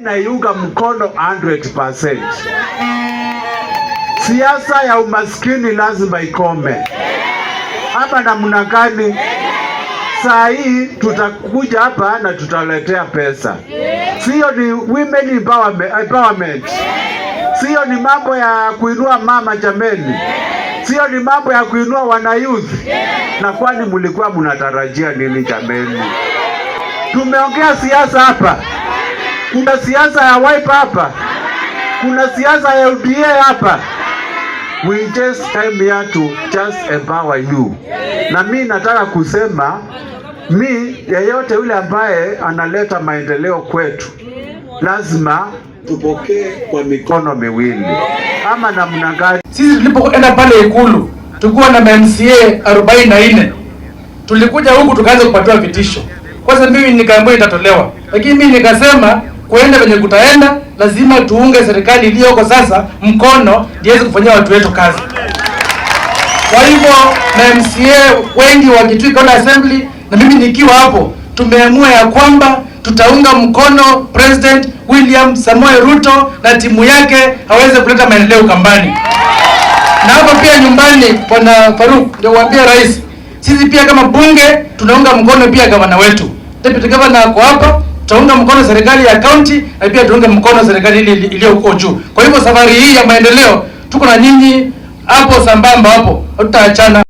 naiunga mkono 100%. Siasa ya umaskini lazima ikome. Hapa namna gani? Saa hii tutakuja hapa na tutaletea pesa, sio ni women empowerment, sio ni mambo ya kuinua mama, jameni, sio ni mambo ya kuinua wanayuthi. Na kwani mlikuwa mnatarajia nini jameni? Tumeongea siasa hapa. Kuna siasa ya Wiper hapa, kuna siasa ya UDA hapa. We just came here to just empower you. Na mi nataka kusema mi yeyote yule ambaye analeta maendeleo kwetu lazima tupokee kwa mikono miwili, ama namna gani? Sisi tulipoenda pale Ikulu tukiwa na MCA arobaini na nne tulikuja huku tukaanza kupatiwa vitisho. Kwanza mimi nikaambiwa itatolewa lakini mimi nikasema kuenda venye kutaenda, lazima tuunge serikali iliyoko sasa mkono iweze kufanyia watu wetu kazi. Kwa hivyo na MCA wengi wa Kitui County Assembly na mimi nikiwa hapo, tumeamua ya kwamba tutaunga mkono President William Samoei Ruto na timu yake aweze kuleta maendeleo Ukambani na hapo pia nyumbani. Bwana Faruk, ndio waambia rais, sisi pia kama bunge tunaunga mkono pia gavana wetu, deputy governor ako hapa tutaunga mkono serikali ya kaunti na pia tuunge mkono serikali ile iliyo huko juu. Kwa hivyo safari hii ya maendeleo tuko na nyinyi hapo sambamba hapo, hatutaachana.